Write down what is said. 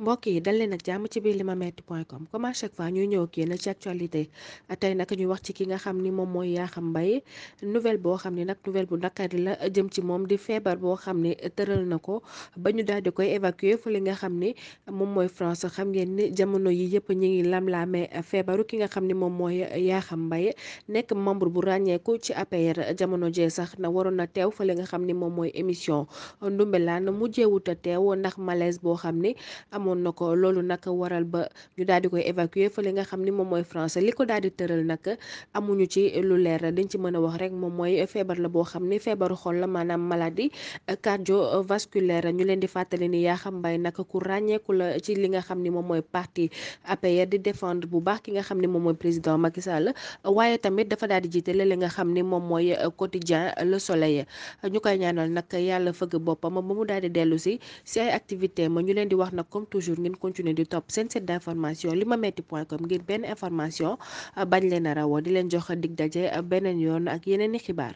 mbokk yi dal leen ak jàmm ci biir limametti point com comme à chaque fois ñuy ñëw ak yéen ci actualité tey naka ñu wax ci ki nga xam ni moom mooy Yakham Mbaye nouvelle boo xam ni nag nouvelle bu nakari la jëm ci moom di feebar boo xam ni tëral na ko ba ñu daal di koy évacuer fu li nga xam ni moom mooy France xam ngeen ni jamono yi yëpp ñu ngi lamlaamee feebaru ki nga xam ni moom mooy Yakham Mbaye nekk membre bu ràññeeku ci APR jamono jee sax na waroon na teew fa li nga xam ni moom mooy émission ndumbelaan mujjeewut a teew ndax malaise boo xam ni amoon amoon na ko loolu nag waral ba ñu daal di koy évacuer fa li nga xam ni moom mooy France li ko daal di tëral nag amuñu ci lu leer la boo xam ni feebaru xol la maanaam maladie cardiovasculaire ñu leen di fàttali ni Yakham Mbaye nag ku ràññeeku la ci li nga xam ni moom mooy parti APR di défendre bu baax ki nga xam ni moom mooy président Macky Sall waaye tamit dafa daal di jiite la li nga xam ni moom mooy quotidien Le Soleil ñu koy ñaanal nag yàlla fëgg boppam ba mu daal di dellu si ay activité ma ñu leen di wax nag comme toujours ngeen continuer di topp seen site d'information limametti point com ngir benn information bañ leen a rawoo di leen jox dig daje beneen yoon ak yeneen i xibaar